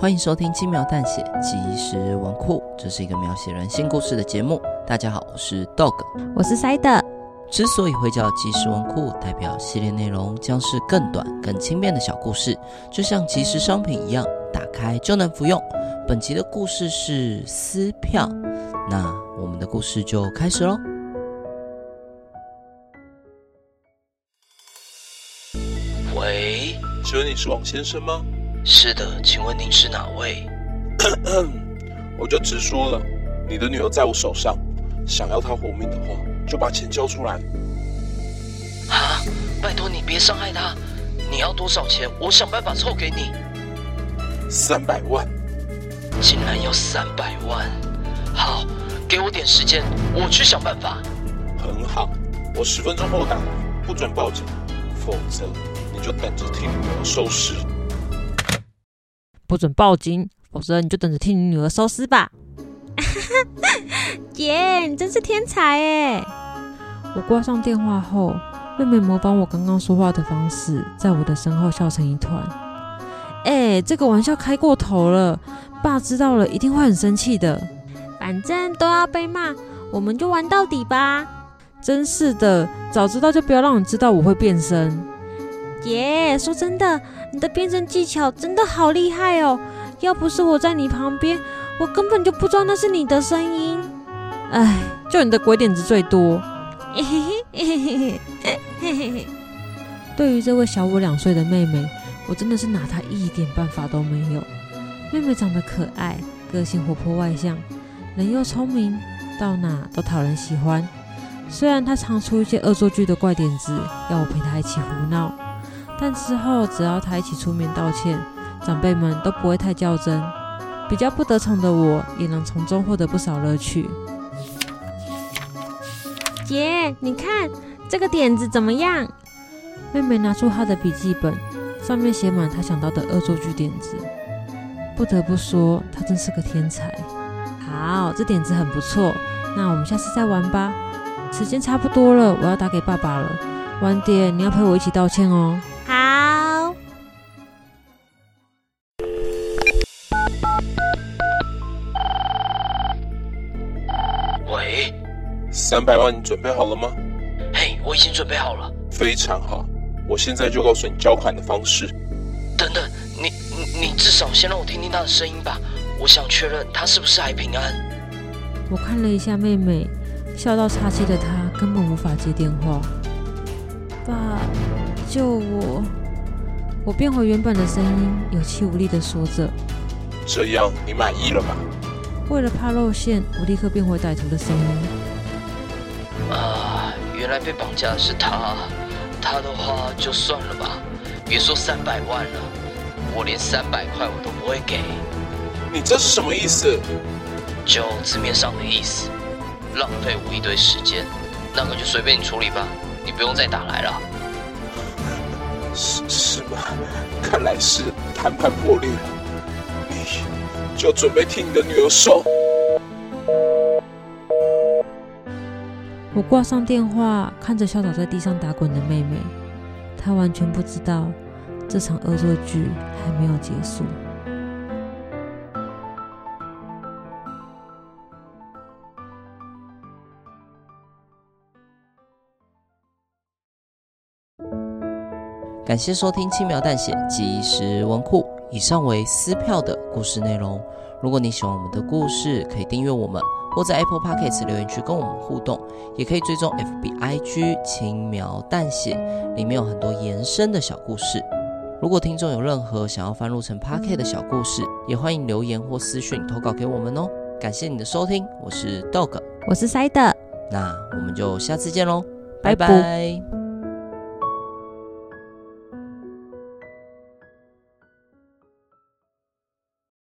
歡迎收聽輕描淡血即食文庫，這是一個描寫人性故事的節目。大家好，我是 Dog，我是 Cider。之所以會叫即食文庫，代表系列內容將是更短、更輕便的小故事，就像即食商品一樣，打開就能服用。本集的故事是撕票，那我們的故事就開始嘍。喂，請問你是王先生嗎？是的，請問您是哪位？咳咳我就直說了，你的女兒在我手上，想要她活命的話，就把錢交出來。啊！拜托你別傷害她，你要多少錢？我想辦法湊給你。三百萬！竟然要三百萬！好，給我點時間，我去想辦法。很好，我十分鐘後打來，不准報警，否則你就等着聽我收屍。不准報警，否則你就等着替你女兒收屍吧。姐， yeah, 你真是天才哎！我掛上電話後，妹妹模仿我剛剛說話的方式，在我的身後笑成一團。哎、欸，這個玩笑開過頭了，爸知道了一定會很生氣的。反正都要被罵，我們就玩到底吧。真是的，早知道就不要讓你知道我會變聲。耶，yeah, 說真的，你的變聲技巧真的好厲害哦！要不是我在你旁邊，我根本就不知道那是你的聲音。唉，就你的鬼點子最多。嘿嘿嘿嘿嘿嘿嘿嘿嘿。對於這位小我兩歲的妹妹，我真的是拿她一點辦法都沒有。妹妹長得可愛，個性活潑外向，人又聰明，到哪都討人喜歡。雖然她常出一些惡作劇的怪點子，要我陪她一起胡鬧。但之後只要他一起出面道歉，長輩們都不會太較真，比較不得寵的我也能從中獲得不少樂趣。姐，你看這個點子怎麼樣？妹妹拿出她的筆記本，上面寫滿她想到的惡作劇點子。不得不說，她真是個天才。好，這點子很不錯，那我們下次再玩吧。時間差不多了，我要打給爸爸了。晚點你要陪我一起道歉哦。三百萬，你準備好了嗎？嘿，hey, 我已經準備好了。非常好，我現在就告訴你交款的方式。等等，你你，你至少先讓我聽聽他的聲音吧，我想確認他是不是還平安。我看了一下妹妹，笑到岔氣的她根本無法接電話。爸，救我！我變回原本的聲音，有氣無力的說着。這樣你滿意了嗎？為了怕露餡，我立刻變回歹徒的聲音。原來被綁架的是他，他的話就算了吧，別說三百萬了，我連三百塊我都不會給。你這是什麼意思？就字面上的意思，浪費我一堆時間，那個就隨便你處理吧，你不用再打來了。是是嗎？看來是談判破裂了，你就準備替你的女兒收。我掛上電話，看着笑倒在地上打滾的妹妹，她完全不知道這場惡作劇還沒有結束。感謝收聽《輕描淡血》即食文庫。以上為撕票的故事內容。如果你喜歡我們的故事，可以訂閱我們。或在 Apple Podcast 留言區跟我們互動，也可以追蹤 FBIG 輕描淡血，裡面有很多延伸的小故事。如果聽眾有任何想要翻入成 Podcast 的小故事，也歡迎留言或私訊投稿給我們哦。感謝你的收聽，我是 Dog，我是 Cider，那我們就下次見嘍，拜拜。拜拜。